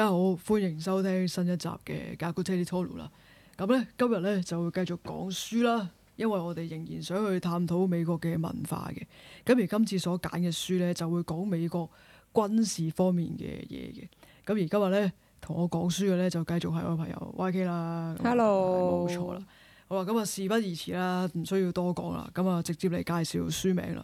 大家好，歡迎收聽新一集嘅《格古車的套路》啦。咁咧今日咧就會繼續講書啦，因為我哋仍然想去探討美國嘅文化嘅。咁而今次所揀嘅書咧就會講美國軍事方面嘅嘢嘅。咁而今日咧同我講書嘅咧就繼續係我朋友 YK 啦。Hello，冇錯啦。好啦，咁啊事不宜遲啦，唔需要多講啦，咁啊直接嚟介紹書名啦。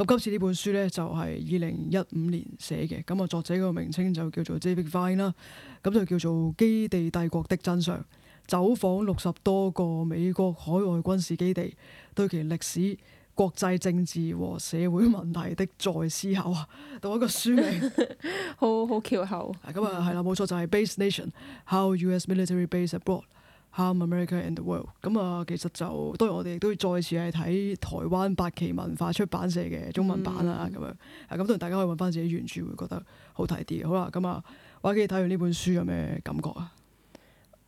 咁今次呢本書呢，就係二零一五年寫嘅，咁啊作者個名稱就叫做 David Vine 啦，咁就叫做《基地帝國的真相》，走訪六十多個美國海外軍事基地，對其歷史、國際政治和社會問題的再思考啊，讀一個書名， 好好拗口，咁啊係啦，冇錯就係、是《Base Nation How U.S. Military Bases Abroad》。America and the World。咁啊，其實就當然我哋都要再次係睇台灣八旗文化出版社嘅中文版啊，咁、嗯、樣咁當然大家可以揾翻自己原著會覺得好睇啲。好啦，咁啊，華記睇完呢本書有咩感覺啊？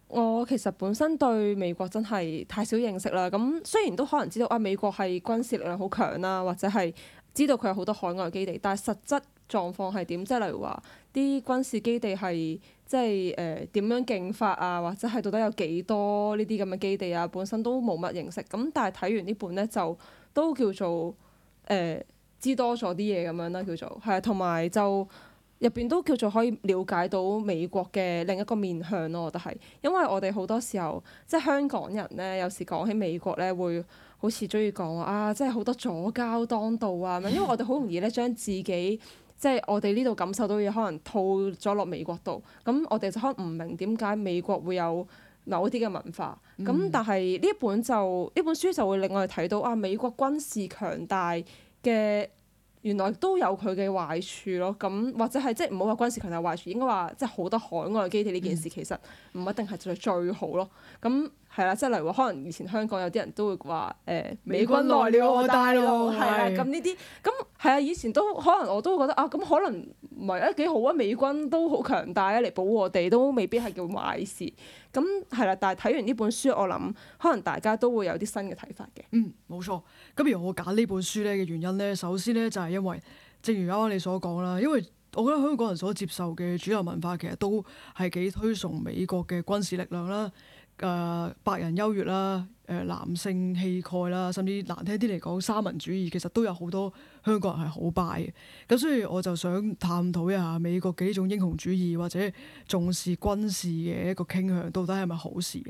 我其實本身對美國真係太少認識啦。咁雖然都可能知道啊，美國係軍事力量好強啦，或者係知道佢有好多海外基地，但係實質狀況係點？即係例如話啲軍事基地係。即係誒點樣競法啊，或者係到底有幾多呢啲咁嘅基地啊，本身都冇乜認識。咁但係睇完本呢本咧就都叫做誒、呃、知多咗啲嘢咁樣啦，叫做係啊，同埋就入邊都叫做可以了解到美國嘅另一個面向咯、啊，我覺得係，因為我哋好多時候即係香港人咧，有時講起美國咧會好似中意講啊，即係好多左膠當道啊咁樣，因為我哋好容易咧將自己即係我哋呢度感受到嘢，可能套咗落美國度。咁我哋就可能唔明點解美國會有某啲嘅文化。咁但係呢本就呢本書就會令我哋睇到啊，美國軍事強大嘅原來都有佢嘅壞處咯。咁或者係即係唔好話軍事強大壞處，應該話即係好多海外基地呢件事其實唔一定係做最好咯。咁。係啦，即係例如話，可能以前香港有啲人都會話誒、呃、美軍來了，我帶路係啊，咁呢啲咁係啊，以前都可能我都覺得啊，咁可能唔係啊幾好啊，美軍都好強大啊，嚟保護我哋都未必係叫壞事。咁係啦，但係睇完呢本書，我諗可能大家都會有啲新嘅睇法嘅。嗯，冇錯。咁而我揀呢本書呢嘅原因呢，首先呢就係因為，正如啱啱你所講啦，因為我覺得香港人所接受嘅主流文化其實都係幾推崇美國嘅軍事力量啦。誒、呃、白人優越啦，誒、呃、男性氣概啦，甚至難聽啲嚟講三民主義，其實都有好多香港人係好拜嘅。咁所以我就想探討一下美國嘅呢種英雄主義或者重視軍事嘅一個傾向，到底係咪好事？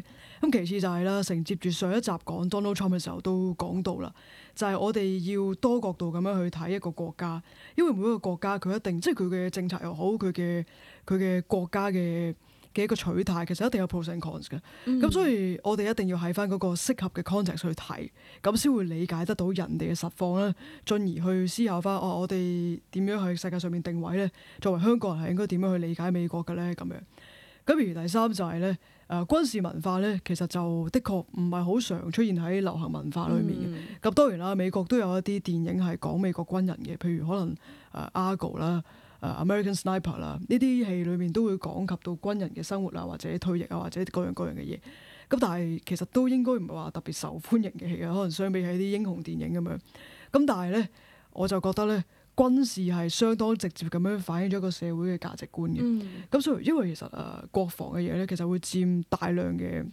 咁其次就係、是、啦，承接住上一集講 Donald Trump 嘅時候都講到啦，就係、是、我哋要多角度咁樣去睇一個國家，因為每一個國家佢一定即係佢嘅政策又好，佢嘅佢嘅國家嘅。嘅一個取態其實一定有 pros and cons 嘅，咁所以我哋一定要喺翻嗰個適合嘅 context 去睇，咁先會理解得到人哋嘅實況啦，進而去思考翻哦、啊，我哋點樣去世界上面定位呢？作為香港人係應該點樣去理解美國嘅呢？咁樣咁，而第三就係、是、呢，誒、呃、軍事文化呢其實就的確唔係好常出現喺流行文化裏面嘅。咁、嗯、當然啦，美國都有一啲電影係講美國軍人嘅，譬如可能誒 Argo 啦。American Sniper 啦，呢啲戲裏面都會講及到軍人嘅生活啊，或者退役啊，或者各樣各樣嘅嘢。咁但係其實都應該唔係話特別受歡迎嘅戲啊，可能相比起啲英雄電影咁樣。咁但係呢，我就覺得呢，軍事係相當直接咁樣反映咗一個社會嘅價值觀嘅。咁、嗯、所以因為其實誒、啊、國防嘅嘢呢，其實會佔大量嘅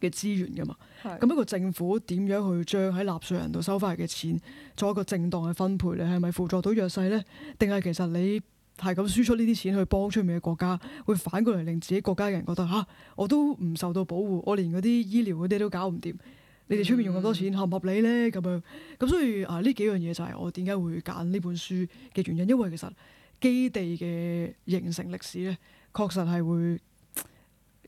嘅資源噶嘛。咁的一個政府點樣去將喺納稅人度收翻嚟嘅錢，做一個正當嘅分配呢，係咪輔助到弱勢呢？定係其實你？係咁輸出呢啲錢去幫出面嘅國家，會反過來令自己國家嘅人覺得嚇、啊，我都唔受到保護，我連嗰啲醫療嗰啲都搞唔掂。你哋出面用咁多錢合唔合理呢？咁樣咁，所以啊，呢幾樣嘢就係我點解會揀呢本書嘅原因，因為其實基地嘅形成歷史咧，確實係會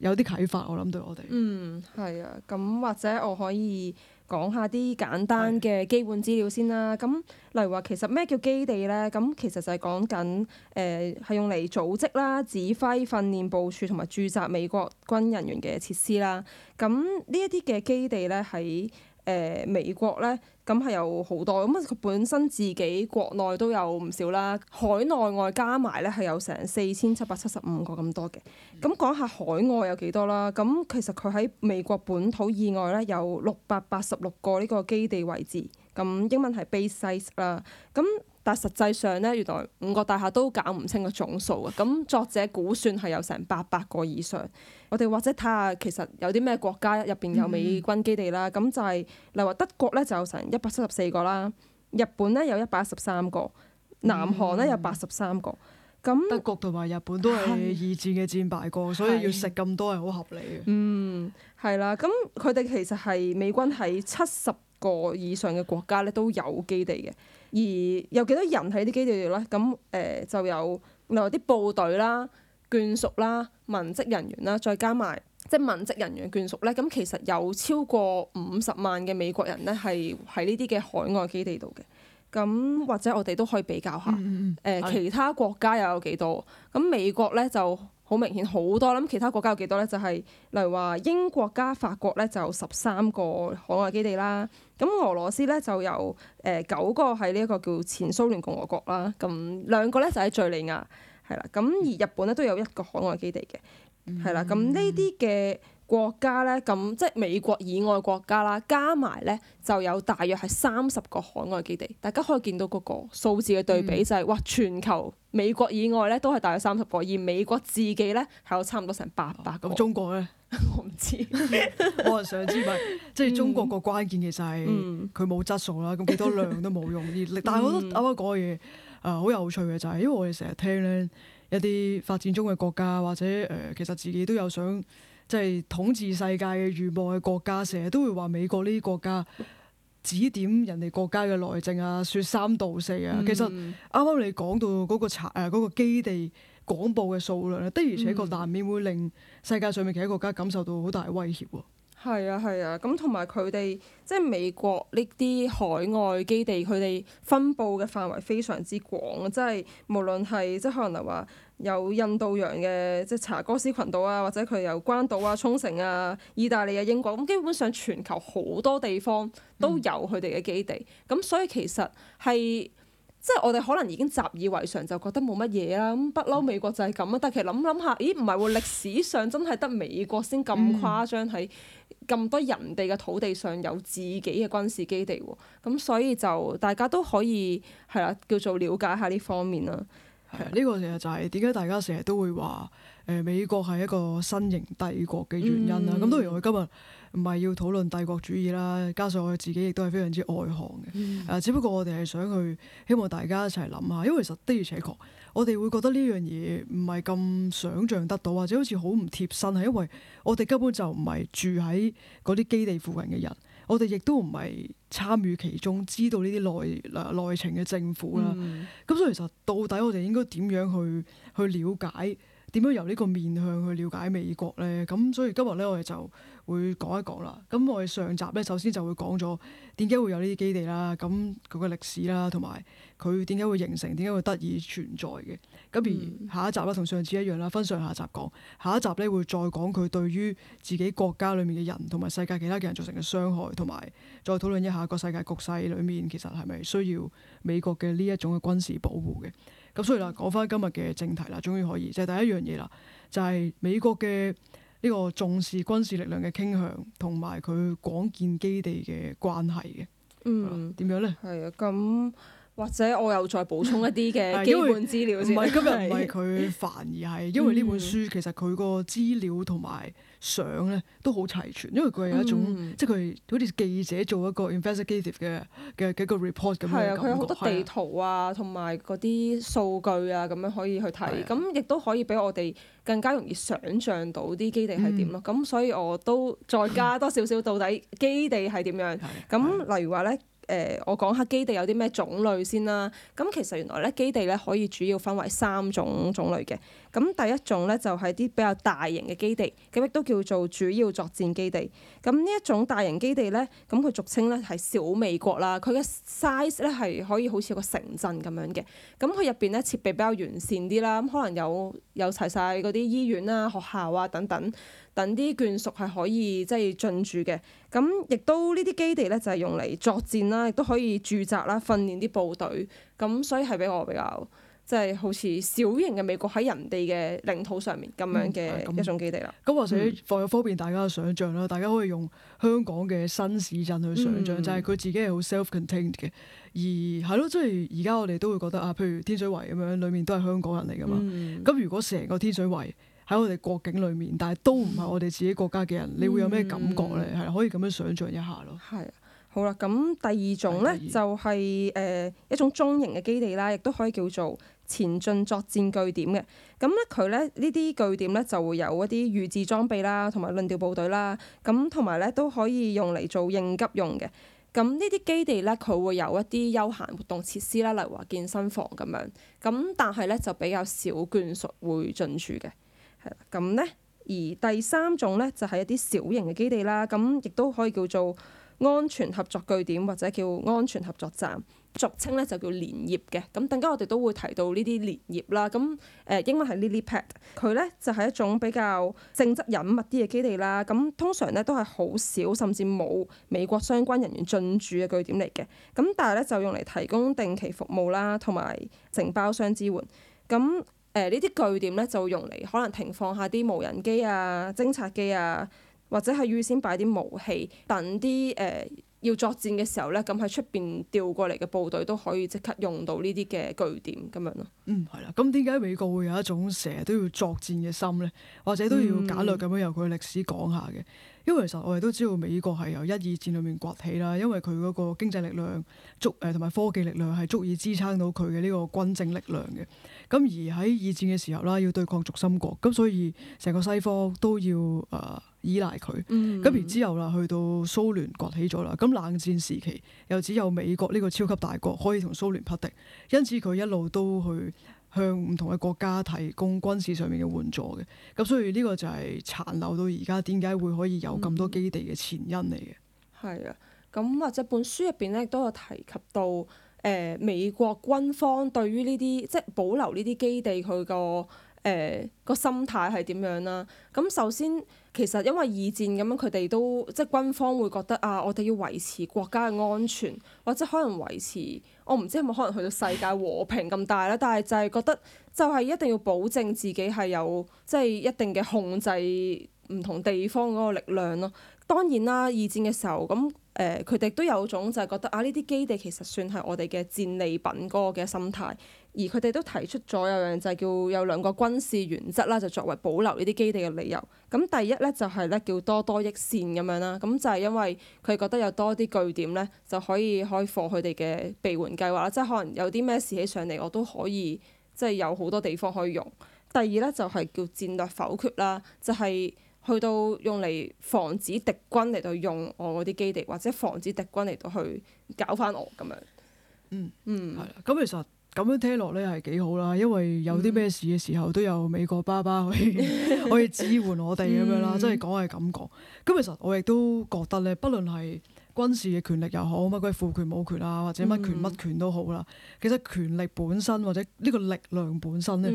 有啲啟發我諗對我哋。嗯，係啊，咁或者我可以。講下啲簡單嘅基本資料先啦。咁例如話，其實咩叫基地呢？咁其實就係講緊誒，係、呃、用嚟組織啦、指揮、訓練、部署同埋駐紮美國軍人員嘅設施啦。咁呢一啲嘅基地呢，喺。誒，美國咧，咁係有好多，咁佢本身自己國內都有唔少啦，海內外加埋咧係有成四千七百七十五個咁多嘅。咁、嗯、講下海外有幾多啦？咁其實佢喺美國本土以外咧，有六百八十六個呢個基地位置，咁英文係 bases 啦，咁。但實際上咧，原來五角大廈都搞唔清個總數啊！咁作者估算係有成八百個以上。我哋或者睇下其實有啲咩國家入邊有美軍基地啦。咁、嗯、就係、是、例如德國咧就有成一百七十四個啦，日本咧有一百一十三個，南韓咧有八十三個。咁、嗯、那德國同埋日本都係二戰嘅戰敗國，是所以要食咁多係好合理嘅。嗯，係啦。咁佢哋其實係美軍喺七十個以上嘅國家咧都有基地嘅。而有幾多人喺啲基地度咧？咁誒、呃、就有例如啲部隊啦、眷屬啦、文職人員啦，再加埋即係文職人員眷屬咧。咁其實有超過五十萬嘅美國人咧，係喺呢啲嘅海外基地度嘅。咁或者我哋都可以比較下誒、嗯嗯嗯呃、其他國家又有幾多？咁美國咧就。好明顯好多啦！咁其他國家有幾多呢？就係例如話英國加法國呢，就有十三個海外基地啦。咁俄羅斯呢，就有誒九個喺呢一個叫前蘇聯共和國啦。咁兩個呢，就喺敘利亞係啦。咁而日本呢，都有一個海外基地嘅係啦。咁呢啲嘅。國家呢，咁即係美國以外國家啦，加埋呢，就有大約係三十個海外基地。大家可以見到嗰、那個數字嘅對比就係、是嗯、哇，全球美國以外呢，都係大約三十個，而美國自己呢，係有差唔多成八百。咁、哦、中國呢， 我唔知， 我係想知咪。即係中國個關鍵其實係佢冇質素啦，咁幾多量都冇用。嗯、但係我覺得啱啱講嘢誒好有趣嘅就係，因為我哋成日聽呢，一啲發展中嘅國家或者誒其實自己都有想。即係統治世界嘅預謀嘅國家，成日都會話美國呢啲國家指點人哋國家嘅內政啊，説三道四啊。嗯、其實啱啱你講到嗰個殘、嗰個、基地廣播嘅數量的、嗯、而且確難免會令世界上面其他國家感受到好大威脅喎。係啊，係啊，咁同埋佢哋即係美國呢啲海外基地，佢哋分布嘅範圍非常之廣，即係無論係即係可能話。有印度洋嘅即係查哥斯群島啊，或者佢有關島啊、沖繩啊、意大利啊、英國咁，基本上全球好多地方都有佢哋嘅基地。咁、嗯、所以其實係即係我哋可能已經習以為常，就覺得冇乜嘢啦。咁不嬲美國就係咁啊，嗯、但其實諗諗下，咦唔係喎，歷史上真係得美國先咁誇張喺咁、嗯、多人哋嘅土地上有自己嘅軍事基地喎。咁所以就大家都可以係啦、啊，叫做了解下呢方面啦。呢個其實就係點解大家成日都會話誒美國係一個新型帝國嘅原因啦。咁、嗯、當然我今日唔係要討論帝國主義啦，加上我自己亦都係非常之外行嘅。誒、嗯，只不過我哋係想去希望大家一齊諗下，因為其實的而且確，我哋會覺得呢樣嘢唔係咁想像得到，或者好似好唔貼身，係因為我哋根本就唔係住喺嗰啲基地附近嘅人。我哋亦都唔係參與其中，知道呢啲內內情嘅政府啦。咁、嗯、所以其實到底我哋應該點樣去去了解，點樣由呢個面向去了解美國呢？咁所以今日呢，我哋就會講一講啦，咁我哋上集咧首先就會講咗點解會有呢啲基地啦，咁佢嘅歷史啦，同埋佢點解會形成，點解會得以存在嘅。咁而下一集咧，同上次一樣啦，分上下集講。下一集咧會再講佢對於自己國家裏面嘅人，同埋世界其他嘅人造成嘅傷害，同埋再討論一下個世界局勢裏面其實係咪需要美國嘅呢一種嘅軍事保護嘅。咁所以嗱，講翻今日嘅正題啦，終於可以就係第一樣嘢啦，就係美國嘅。呢個重視軍事力量嘅傾向，同埋佢廣建基地嘅關係嘅，嗯，點樣呢？係啊，咁。或者我又再補充一啲嘅基本資料先。唔係今日唔係佢，反而係因為呢本書其實佢個資料同埋相咧都好齊全，因為佢係有一種即係佢好似記者做一個 investigative 嘅嘅嘅一個 report 咁樣嘅感覺。佢有好多地圖啊，同埋嗰啲數據啊，咁樣可以去睇，咁亦都可以俾我哋更加容易想像到啲基地係點咯。咁所以我都再加多少少到底基地係點樣？咁例如話咧。誒、呃，我講下基地有啲咩種類先啦。咁其實原來咧，基地咧可以主要分為三種種類嘅。咁第一種咧就係啲比較大型嘅基地，咁亦都叫做主要作戰基地。咁呢一種大型基地咧，咁佢俗稱咧係小美國啦。佢嘅 size 咧係可以好似個城鎮咁樣嘅。咁佢入邊咧設備比較完善啲啦，咁可能有有齊晒嗰啲醫院啦、學校啊等等。等啲眷屬係可以即係進駐嘅，咁亦都呢啲基地咧就係、是、用嚟作戰啦，亦都可以駐紮啦、訓練啲部隊，咁所以係比我比較即係、就是、好似小型嘅美國喺人哋嘅領土上面咁樣嘅一種基地啦。咁或者為咗方便大家嘅想象啦，大家可以用香港嘅新市鎮去想象，嗯、就係佢自己係好 self-contained 嘅，而係咯，即係而家我哋都會覺得啊，譬如天水圍咁樣，裡面都係香港人嚟噶嘛，咁、嗯、如果成個天水圍。喺我哋國境裏面，但係都唔係我哋自己國家嘅人，嗯、你會有咩感覺呢？係可以咁樣想象一下咯。係好啦，咁第二種呢，二就係、是、誒、呃、一種中型嘅基地啦，亦都可以叫做前進作戰據點嘅。咁咧佢咧呢啲據點呢，點就會有一啲預置裝備啦，同埋輪調部隊啦。咁同埋咧都可以用嚟做應急用嘅。咁呢啲基地呢，佢會有一啲休閒活動設施啦，例如話健身房咁樣。咁但係呢，就比較少眷屬會進駐嘅。咁呢，而第三種呢，就係一啲小型嘅基地啦，咁亦都可以叫做安全合作據點或者叫安全合作站，俗稱呢就叫蓮葉嘅。咁等陣我哋都會提到呢啲蓮葉啦。咁誒英文係 Lilypad，佢呢就係一種比較性質隱密啲嘅基地啦。咁通常呢都係好少甚至冇美國相關人員進駐嘅據點嚟嘅。咁但係呢，就用嚟提供定期服務啦，同埋承包商支援。咁誒呢啲據點咧就用嚟可能停放下啲無人機啊、偵察機啊，或者係預先擺啲武器，等啲誒、呃、要作戰嘅時候咧，咁喺出邊調過嚟嘅部隊都可以即刻用到呢啲嘅據點咁樣咯。嗯，係啦，咁點解美國會有一種成日都要作戰嘅心咧？或者都要簡略咁樣由佢歷史講下嘅？嗯因為其實我哋都知道美國係由一、二戰裡面崛起啦，因為佢嗰個經濟力量足誒，同、呃、埋科技力量係足以支撐到佢嘅呢個軍政力量嘅。咁而喺二戰嘅時候啦，要對抗軸心國，咁所以成個西方都要誒、呃、依賴佢。咁然、嗯、之後啦，去到蘇聯崛起咗啦，咁冷戰時期又只有美國呢個超級大國可以同蘇聯匹敵，因此佢一路都去向唔同嘅國家提供軍事上面嘅援助嘅，咁所以呢個就係殘留到而家點解會可以有咁多基地嘅前因嚟嘅。係啊、嗯，咁或者本書入邊咧都有提及到，誒、呃、美國軍方對於呢啲即係保留呢啲基地佢個誒個心態係點樣啦。咁首先。其實因為二戰咁樣，佢哋都即係軍方會覺得啊，我哋要維持國家嘅安全，或者可能維持我唔知有冇可能去到世界和平咁大啦。但係就係覺得就係一定要保證自己係有即係一定嘅控制唔同地方嗰個力量咯。當然啦，二戰嘅時候咁誒，佢哋都有種就係覺得啊，呢啲基地其實算係我哋嘅戰利品嗰個嘅心態。而佢哋都提出咗有樣就係、是、叫有兩個軍事原則啦，就是、作為保留呢啲基地嘅理由。咁第一咧就係咧叫多多益善咁樣啦，咁就係、是、因為佢覺得有多啲據點咧就可以開放佢哋嘅備援計劃啦，即係可能有啲咩事起上嚟，我都可以即係有好多地方可以用。第二咧就係叫戰略否決啦，就係、是、去到用嚟防止敵軍嚟到用我嗰啲基地，或者防止敵軍嚟到去搞翻我咁樣。嗯嗯，係啦、嗯，咁其實。咁樣聽落咧係幾好啦，因為有啲咩事嘅時候、嗯、都有美國爸爸可以 可以支援我哋咁、就是、樣啦，即係講係咁講。咁其實我亦都覺得咧，不論係軍事嘅權力又好，乜鬼父權母權啊，或者乜權乜權都好啦，其實權力本身或者呢個力量本身咧，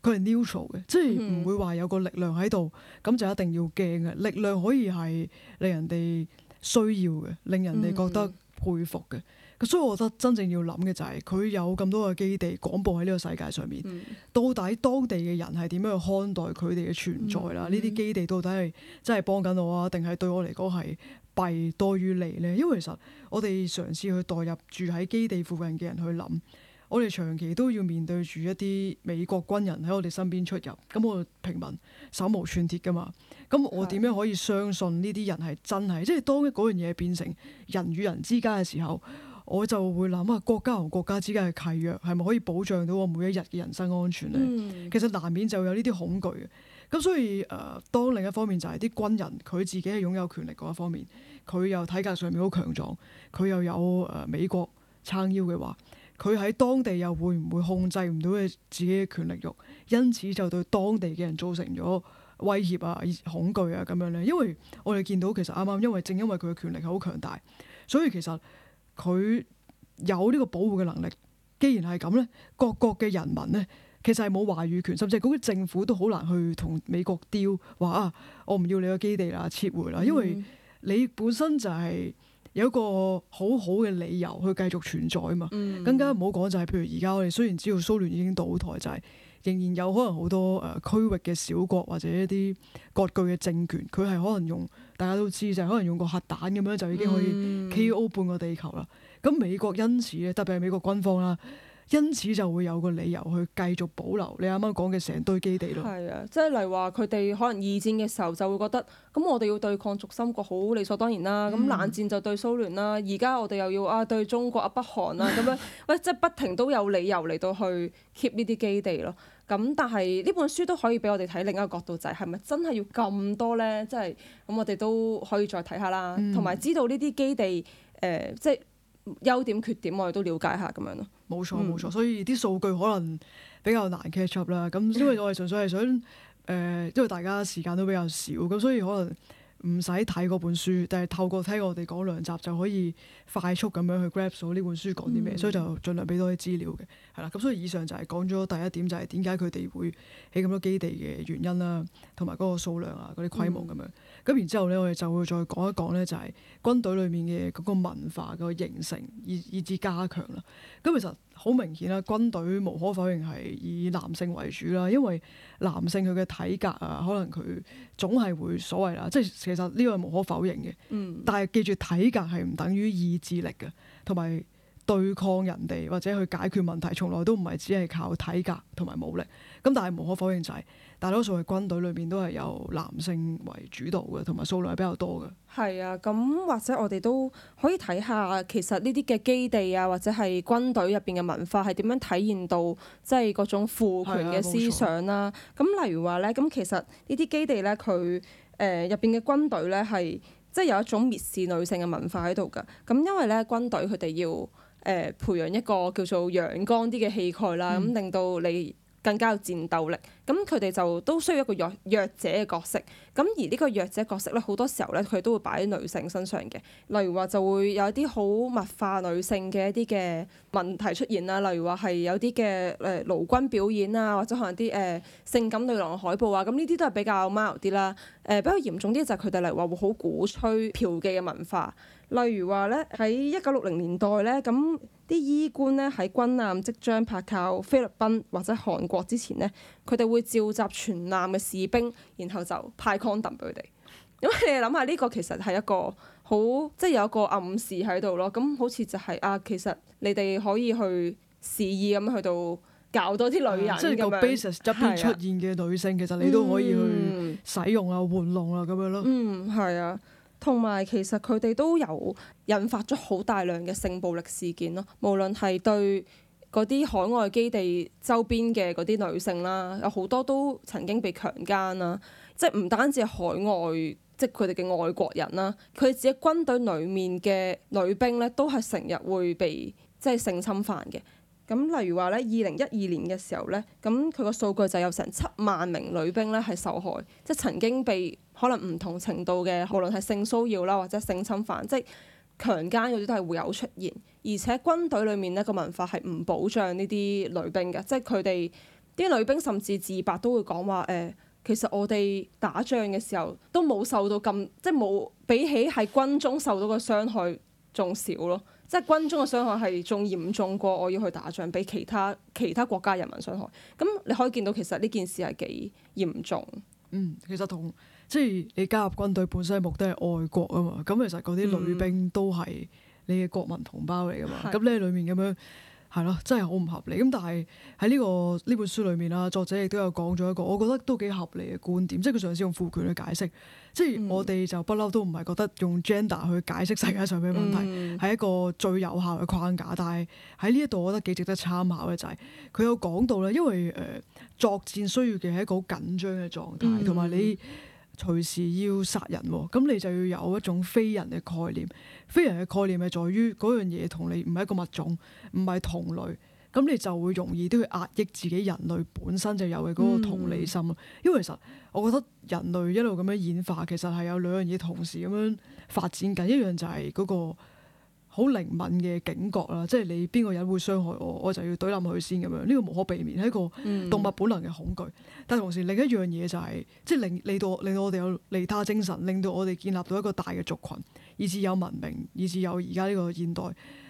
佢係、嗯、neutral 嘅，即係唔會話有個力量喺度咁就一定要驚嘅。力量可以係令人哋需要嘅，令人哋覺得佩服嘅。所以，我覺得真正要諗嘅就係、是、佢有咁多個基地廣播喺呢個世界上面，嗯、到底當地嘅人係點樣去看待佢哋嘅存在啦？呢啲、嗯、基地到底係真係幫緊我啊，定係對我嚟講係弊多於利呢？因為其實我哋嘗試去代入住喺基地附近嘅人去諗，我哋長期都要面對住一啲美國軍人喺我哋身邊出入。咁我平民手無寸鐵噶嘛，咁我點樣可以相信呢啲人係真係？的即係當嗰樣嘢變成人與人之間嘅時候。我就會諗下國家同國家之間嘅契約係咪可以保障到我每一日嘅人身安全咧？其實難免就有呢啲恐懼。咁所以誒、呃、當另一方面就係啲軍人，佢自己係擁有權力嗰一方面，佢又體格上面好強壯，佢又有誒、呃、美國撐腰嘅話，佢喺當地又會唔會控制唔到佢自己嘅權力欲？因此就對當地嘅人造成咗威脅啊、而恐懼啊咁樣咧。因為我哋見到其實啱啱，因為正因為佢嘅權力好強大，所以其實。佢有呢個保護嘅能力，既然係咁呢，各國嘅人民呢，其實係冇話語權，甚至係嗰啲政府都好難去同美國丟話啊，我唔要你個基地啦，撤回啦，因為你本身就係有一個好好嘅理由去繼續存在啊嘛。嗯、更加唔好講就係譬如而家我哋雖然知道蘇聯已經倒台，就係、是、仍然有可能好多誒區域嘅小國或者一啲割據嘅政權，佢係可能用。大家都知就可能用個核彈咁樣就已經可以 KO 半個地球啦。咁、嗯、美國因此咧，特別係美國軍方啦，因此就會有個理由去繼續保留你啱啱講嘅成堆基地咯。係啊，即係例如話佢哋可能二戰嘅時候就會覺得，咁我哋要對抗軸心國好理所當然啦、啊。咁冷戰就對蘇聯啦、啊，而家我哋又要啊對中國啊北韓啊咁樣，喂， 即係不停都有理由嚟到去 keep 呢啲基地咯。咁但係呢本書都可以俾我哋睇另一個角度仔，係咪真係要咁多呢？即係咁，我哋都可以再睇下啦，同埋、嗯、知道呢啲基地誒，即係、呃、優點缺點，我哋都了解下咁樣咯。冇錯冇錯，所以啲數據可能比較難 catch up 啦、嗯。咁因為我哋純粹係想誒、呃，因為大家時間都比較少，咁所以可能。唔使睇嗰本書，但係透過聽我哋講兩集就可以快速咁樣去 grab 呢本書講啲咩，嗯、所以就盡量俾多啲資料嘅，係啦。咁所以以上就係講咗第一點，就係點解佢哋會起咁多基地嘅原因啦，同埋嗰個數量啊、嗰啲規模咁樣。咁、嗯、然之後呢，我哋就會再講一講呢，就係軍隊裏面嘅嗰個文化個形成以以至加強啦。咁其實好明顯啦，軍隊無可否認係以男性為主啦，因為男性佢嘅體格啊，可能佢總係會所謂啦，即係其實呢個係無可否認嘅。嗯，但係記住，體格係唔等於意志力嘅，同埋。對抗人哋或者去解決問題，從來都唔係只係靠體格同埋武力。咁，但係無可否認就係大多數嘅軍隊裏邊都係由男性為主導嘅，同埋數量係比較多嘅。係啊，咁或者我哋都可以睇下，其實呢啲嘅基地啊，或者係軍隊入邊嘅文化係點樣體現到即係嗰種父權嘅思想啦、啊。咁例、啊、如話呢，咁其實呢啲基地呢，佢誒入邊嘅軍隊呢，係即係有一種蔑視女性嘅文化喺度㗎。咁因為呢，軍隊佢哋要誒培養一個叫做陽光啲嘅氣概啦，咁令到你更加有戰鬥力。咁佢哋就都需要一個弱弱者嘅角色。咁而呢個弱者角色咧，好多時候咧，佢都會擺喺女性身上嘅。例如話就會有一啲好物化女性嘅一啲嘅問題出現啦。例如話係有啲嘅誒勞軍表演啊，或者可能啲誒、呃、性感女郎海報啊，咁呢啲都係比較 mild 啲啦。誒、呃、比較嚴重啲就係佢哋嚟話會好鼓吹嫖妓嘅文化。例如話咧，喺一九六零年代咧，咁啲醫官咧喺軍艦即將泊靠菲律賓或者韓國之前咧，佢哋會召集全艦嘅士兵，然後就派 condom 俾佢哋。因為你哋諗下呢個其實係一個好，即係有一個暗示喺度咯。咁好似就係、是、啊，其實你哋可以去肆意咁去到搞多啲女人、嗯、即係有 basis 側邊出現嘅女性，啊、其實你都可以去使用啊、玩弄啊咁樣咯。嗯，係啊。同埋其實佢哋都有引發咗好大量嘅性暴力事件咯，無論係對嗰啲海外基地周邊嘅嗰啲女性啦，有好多都曾經被強姦啦，即係唔單止係海外，即係佢哋嘅外國人啦，佢哋自己軍隊裡面嘅女兵咧都係成日會被即係性侵犯嘅。咁例如話咧，二零一二年嘅時候咧，咁佢個數據就有成七萬名女兵咧係受害，即係曾經被。可能唔同程度嘅，無論係性騷擾啦，或者性侵犯，即係強姦嗰啲都係會有出現。而且軍隊裏面呢個文化係唔保障呢啲女兵嘅，即係佢哋啲女兵甚至自白都會講話誒，其實我哋打仗嘅時候都冇受到咁，即係冇比起喺軍中受到嘅傷害仲少咯。即係軍中嘅傷害係仲嚴重過我要去打仗，俾其他其他國家人民傷害。咁你可以見到其實呢件事係幾嚴重。嗯，其實同。即係你加入軍隊本身目的係愛國啊嘛，咁其實嗰啲女兵都係你嘅國民同胞嚟㗎嘛，咁咧裏面咁樣係咯，真係好唔合理。咁但係喺呢個呢本書裏面啦，作者亦都有講咗一個，我覺得都幾合理嘅觀點。即係佢上次用父權去解釋，即係我哋就不嬲都唔係覺得用 gender 去解釋世界上咩問題係、嗯、一個最有效嘅框架。但係喺呢一度，我覺得幾值得參考嘅就係、是、佢有講到咧，因為誒、呃、作戰需要嘅係一個好緊張嘅狀態，同埋你。隨時要殺人，咁你就要有一種非人嘅概念。非人嘅概念係在於嗰樣嘢同你唔係一個物種，唔係同類，咁你就會容易都要壓抑自己人類本身就有嘅嗰個同理心咯。嗯、因為其實我覺得人類一路咁樣演化，其實係有兩樣嘢同時咁樣發展緊，一樣就係嗰、嗰個，好靈敏嘅警覺啦，即係你邊個人會傷害我，我就要懟冧佢先咁樣。呢個無可避免係一個動物本能嘅恐懼，嗯，但同時另一樣嘢就係，即係令你到令到我哋有利他精神，令到我哋建立到一個大嘅族群，以至有文明，以至有而家呢個現代，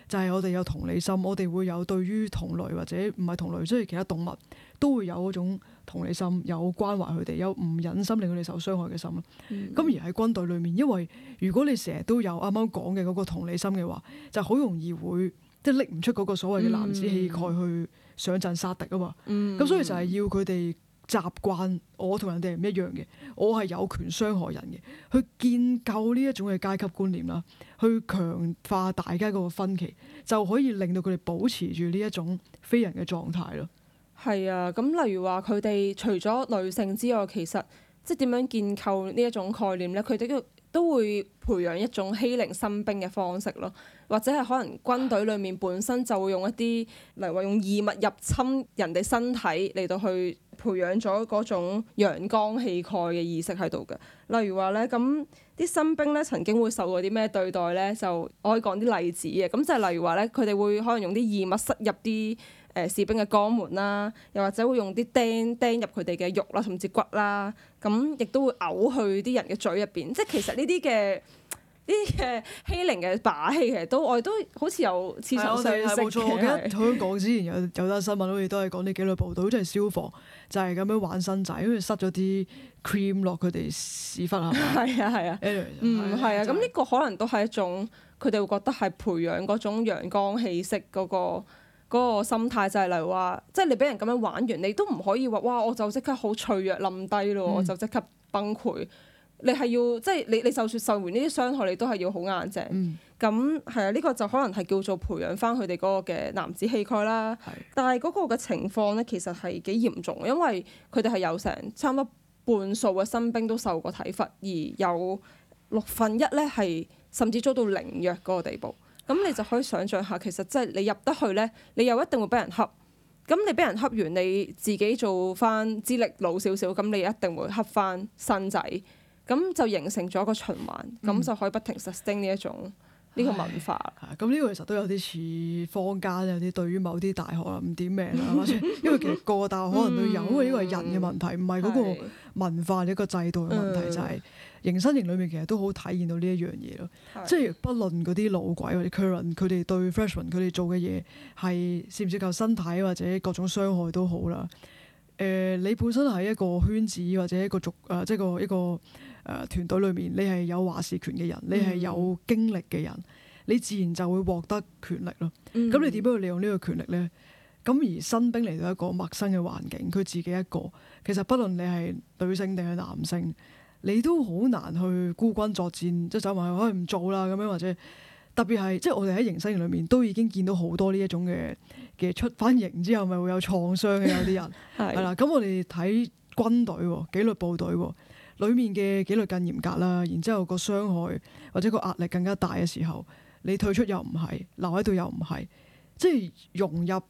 就係我哋有同理心，我哋會有對於同類或者唔係同類，即係其他動物都會有嗰種。同理心，有關懷佢哋，有唔忍心令佢哋受傷害嘅心啦。咁、嗯、而喺軍隊裏面，因為如果你成日都有啱啱講嘅嗰個同理心嘅話，就好容易會即係拎唔出嗰個所謂嘅男子氣概去上陣殺敵啊嘛。咁、嗯、所以就係要佢哋習慣我同人哋唔一樣嘅，我係有權傷害人嘅，去建構呢一種嘅階級觀念啦，去強化大家嗰個分歧，就可以令到佢哋保持住呢一種非人嘅狀態咯。係啊，咁例如話佢哋除咗女性之外，其實即係點樣建構呢一種概念咧？佢哋都都會培養一種欺凌新兵嘅方式咯，或者係可能軍隊裏面本身就會用一啲，例如話用異物入侵人哋身體嚟到去培養咗嗰種陽剛氣概嘅意識喺度嘅。例如話咧，咁啲新兵咧曾經會受過啲咩對待咧？就我可以講啲例子嘅。咁就係例如話咧，佢哋會可能用啲異物塞入啲。誒、呃、士兵嘅肛門啦，又或者會用啲釘釘入佢哋嘅肉啦，甚至骨啦，咁亦都會嘔去啲人嘅嘴入邊。即係其實呢啲嘅呢啲嘅欺凌嘅把戲，其實都我哋都好似有黐手細息冇錯。是我記得香港 之前有有單新聞好似都係講啲紀律部隊，好似係消防就係、是、咁樣玩新仔，好似塞咗啲 cream 落佢哋屎忽啊！係啊係啊，嗯係、嗯、啊。咁呢個可能都係一種佢哋會覺得係培養嗰種陽光氣息嗰個。嗰個心態就係例如話，即係你俾人咁樣玩完，你都唔可以話，哇！我就即刻好脆弱冧低咯，我就即刻崩潰。嗯、你係要即係你，你就算受完呢啲傷害，你都係要好硬淨。咁係啊，呢、這個就可能係叫做培養翻佢哋嗰個嘅男子氣概啦。但係嗰個嘅情況呢，其實係幾嚴重，因為佢哋係有成差唔多半數嘅新兵都受過體罰，而有六分一呢係甚至遭到凌虐嗰個地步。咁你就可以想象下，其實即係你入得去呢，你又一定會俾人恰。咁你俾人恰完，你自己做翻資歷老少少，咁你一定會恰翻新仔。咁就形成咗一個循環，咁、嗯、就可以不停 sustain 呢一種呢、呢個文化。咁呢個其實都有啲似坊間有啲對於某啲大學唔點名啦， 因為其實個大學可能都有，嗯、因為呢個係人嘅問題，唔係嗰文化一個制度嘅問題就係、是、迎、嗯、新營裏面其實都好體現到呢一樣嘢咯，的即係不論嗰啲老鬼或者 current，佢哋對 freshman 佢哋做嘅嘢係涉唔涉及身體或者各種傷害都好啦。誒、呃，你本身喺一個圈子或者一個族誒、呃，即係一一個誒、呃、團隊裏面，你係有話事權嘅人，你係有經歷嘅人，嗯、你自然就會獲得權力咯。咁、嗯、你點樣去利用呢個權力咧？咁而新兵嚟到一個陌生嘅環境，佢自己一個，其實不論你係女性定係男性，你都好難去孤軍作戰，即係走埋去可唔、哎、做啦咁樣，或者特別係即係我哋喺營生營裏面都已經見到好多呢一種嘅嘅出翻營之後，咪會有創傷嘅有啲人係啦。咁 的我哋睇軍隊紀律部隊裏面嘅紀律更嚴格啦，然之後個傷害或者個壓力更加大嘅時候，你退出又唔係留喺度又唔係，即係融入。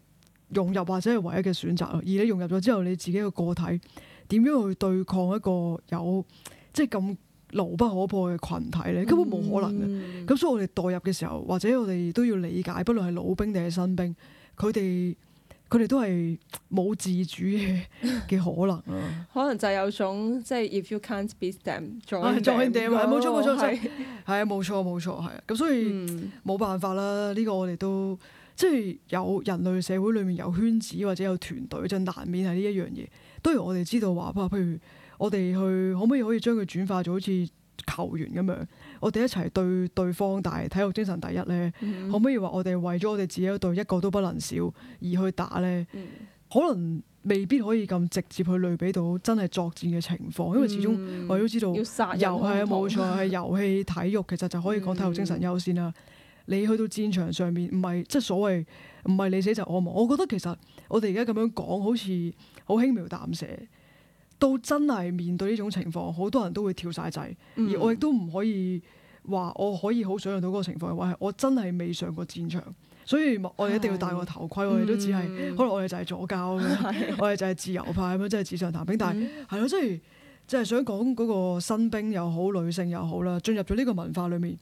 融入或者係唯一嘅選擇，而你融入咗之後，你自己嘅個體點樣去對抗一個有即係咁牢不可破嘅群體呢？根本冇可能嘅。咁、嗯、所以，我哋代入嘅時候，或者我哋都、嗯、都要理解，不論係老兵定係新兵，佢哋佢哋都係冇自主嘅嘅可能、啊、可能就係有種即係 If you can't beat them，join them 啊！冇錯冇錯，係啊，冇錯冇錯，係咁， 所以冇辦法啦。呢、呢個我哋都。即係有人類社會裏面有圈子或者有團隊，就難免係呢一樣嘢。當然我哋知道話，譬如我哋去可唔可以可以將佢轉化做好似球員咁樣，我哋一齊對對方，但係體育精神第一呢，嗯、可唔可以話我哋為咗我哋自己一隊一個都不能少而去打呢？嗯、可能未必可以咁直接去類比到真係作戰嘅情況，因為始終我哋都知道、嗯，遊戲係冇錯，係冇錯、嗯、遊戲體育其實就可以講體育精神優先啦。嗯嗯。你去到戰場上面，唔係即係所謂唔係你死就我亡。我覺得其實我哋而家咁樣講，好似好輕描淡寫。到真係面對呢種情況，好多人都會跳晒掣。嗯、而我亦都唔可以話我可以好想像到嗰個情況，係我真係未上過戰場，所以我哋一定要戴個頭盔。的我哋都只係可能我哋就係左膠，的 我哋就係自由派咁樣，即係紙上談兵。但係係咯，即係即係想講嗰個新兵又好，女性又好啦，進入咗呢個文化裡面。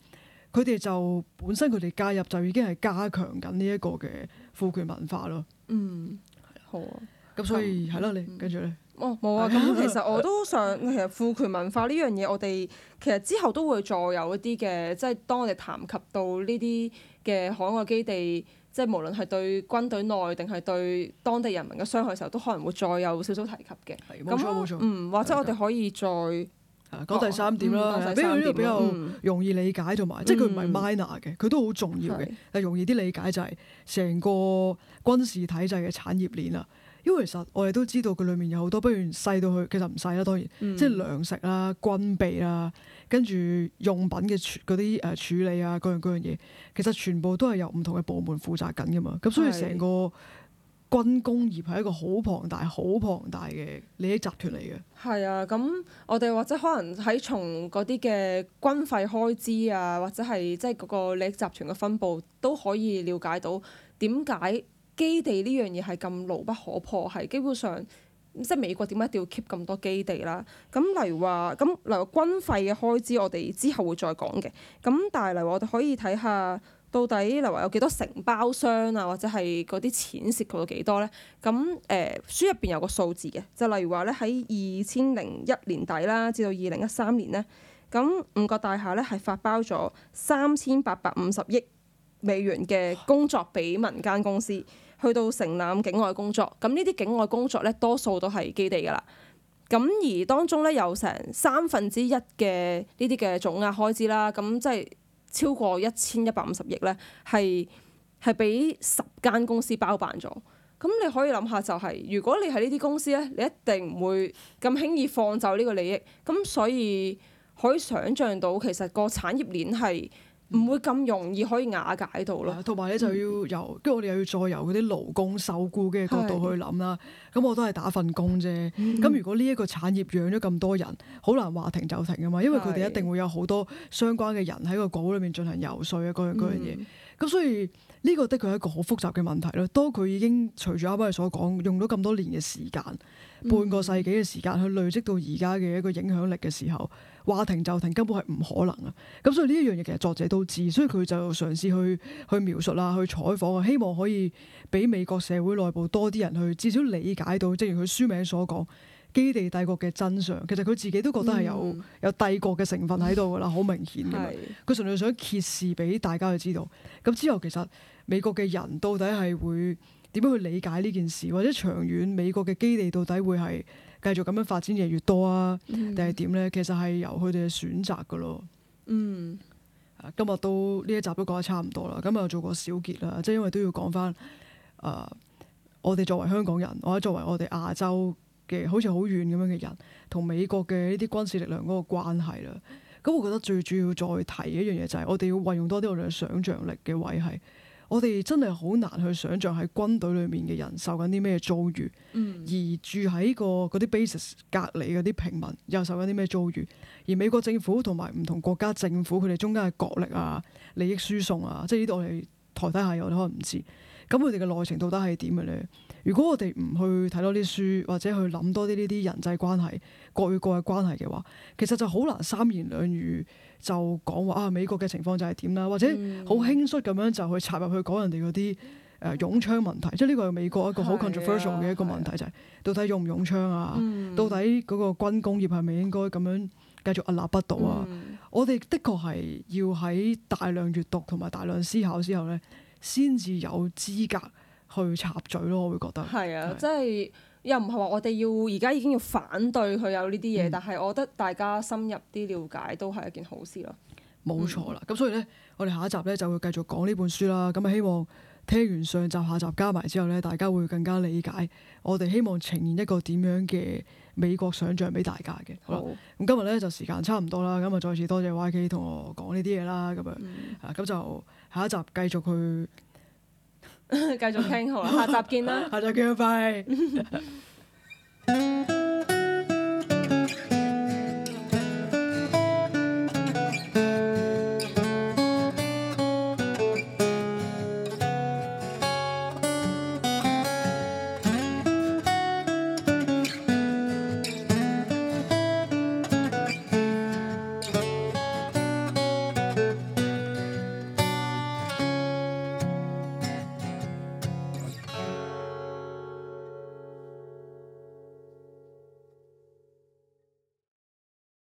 佢哋就本身佢哋介入就已經係加強緊呢一個嘅父權文化咯。嗯，好啊。咁所以係啦，你跟住咧。哦，冇啊。咁 其實我都想，其實父權文化呢樣嘢，我哋其實之後都會再有一啲嘅，即係當我哋談及到呢啲嘅海外基地，即係無論係對軍隊內定係對當地人民嘅傷害時候，都可能會再有少少提及嘅。係，冇錯。嗯，或者我哋可以再。講第三點啦，俾佢啲比較容易理解同埋、嗯，即係佢唔係 minor、er、嘅，佢、嗯、都好重要嘅，但是容易啲理解就係成個軍事體制嘅產業鏈啦。因為其實我哋都知道佢裡面有好多，不如細到去，其實唔細啦，當然，嗯、即係糧食啦、軍備啦，跟住用品嘅嗰啲誒處理啊，各樣各樣嘢，其實全部都係由唔同嘅部門負責緊㗎嘛。咁是所以成個。軍工業係一個好龐大、好龐大嘅利益集團嚟嘅。係啊，咁我哋或者可能喺從嗰啲嘅軍費開支啊，或者係即係嗰個利益集團嘅分佈都可以了解到點解基地呢樣嘢係咁牢不可破，係基本上即係美國點解一定要 keep 咁多基地啦？咁例如話，咁例如軍費嘅開支，我哋之後會再講嘅。咁但係嚟，我哋可以睇下。到底例如有幾多承包商啊，或者係嗰啲錢涉及到幾多呢？咁誒、呃、書入邊有個數字嘅，就係、例如話咧喺二千零一年底啦，至到二零一三年呢，咁五角大廈咧係發包咗三千八百五十億美元嘅工作俾民間公司去到承攬境外工作。咁呢啲境外工作咧，多數都係基地噶啦。咁而當中咧有成三分之一嘅呢啲嘅總額開支啦。咁即係。超過一千一百五十億呢，係係俾十間公司包辦咗。咁你可以諗下、就係，就係如果你係呢啲公司呢，你一定唔會咁輕易放走呢個利益。咁所以可以想像到，其實個產業鏈係。唔會咁容易可以瓦解到咯，同埋你就要由跟住、嗯、我哋又要再由嗰啲勞工受雇嘅角度去諗啦。咁的我都係打份工啫。咁、嗯、如果呢一個產業養咗咁多人，好難話停就停㗎嘛。因為佢哋一定會有好多相關嘅人喺個稿裏面進行游說啊，嗰樣嘢。咁、嗯、所以呢個的確係一個好複雜嘅問題咯。當佢已經隨住啱啱所講用咗咁多年嘅時間，嗯、半個世紀嘅時間去累積到而家嘅一個影響力嘅時候。話停就停，根本係唔可能啊！咁所以呢一樣嘢其實作者都知，所以佢就嘗試去去描述啊，去採訪啊，希望可以俾美國社會內部多啲人去至少理解到，正如佢書名所講，《基地帝國》嘅真相。其實佢自己都覺得係有、嗯、有帝國嘅成分喺度噶啦，好明顯嘅。嗯，佢純粹想揭示俾大家去知道。咁之後其實美國嘅人到底係會點樣去理解呢件事，或者長遠美國嘅基地到底會係？繼續咁樣發展，越嚟越多啊，定係點呢？其實係由佢哋嘅選擇噶咯。嗯，今日都呢一集都講得差唔多啦。今日做過小結啦，即係因為都要講翻，誒、呃，我哋作為香港人，或者作為我哋亞洲嘅，好似好遠咁樣嘅人，同美國嘅呢啲軍事力量嗰個關係啦。咁我覺得最主要再提一樣嘢就係、是，我哋要運用多啲我哋嘅想象力嘅位係。我哋真係好難去想像喺軍隊裏面嘅人受緊啲咩遭遇，嗯、而住喺、嗰個嗰啲 basis 隔離嗰啲平民又受緊啲咩遭遇，而美國政府同埋唔同國家政府佢哋中間嘅角力啊、利益輸送啊，即係呢度我哋台底下有啲可能唔知，咁佢哋嘅內情到底係點嘅呢？如果我哋唔去睇多啲書，或者去諗多啲呢啲人際關係、國與國嘅關係嘅話，其實就好難三言兩語。就講話啊，美國嘅情況就係點啦，或者好輕率咁樣就去插入去講人哋嗰啲誒擁槍問題，嗯、即係呢個係美國一個好 controversial 嘅一個問題，啊、就係到底用唔用槍啊？嗯、到底嗰個軍工業係咪應該咁樣繼續屹立不倒啊？嗯、我哋的確係要喺大量閱讀同埋大量思考之後呢，先至有資格去插嘴咯。我會覺得係啊，真、就、係、是。又唔係話我哋要而家已經要反對佢有呢啲嘢，嗯、但係我覺得大家深入啲了解都係一件好事咯。冇錯啦，咁、嗯、所以呢，我哋下一集呢就會繼續講呢本書啦。咁啊，希望聽完上集、下集加埋之後呢，大家會更加理解我哋希望呈現一個點樣嘅美國想像俾大家嘅。好，好，咁今日呢就時間差唔多啦，咁啊再次多謝 YK 同我講呢啲嘢啦，咁啊，咁就下一集繼續去。繼續傾，好啦，下集見啦，下集見，拜。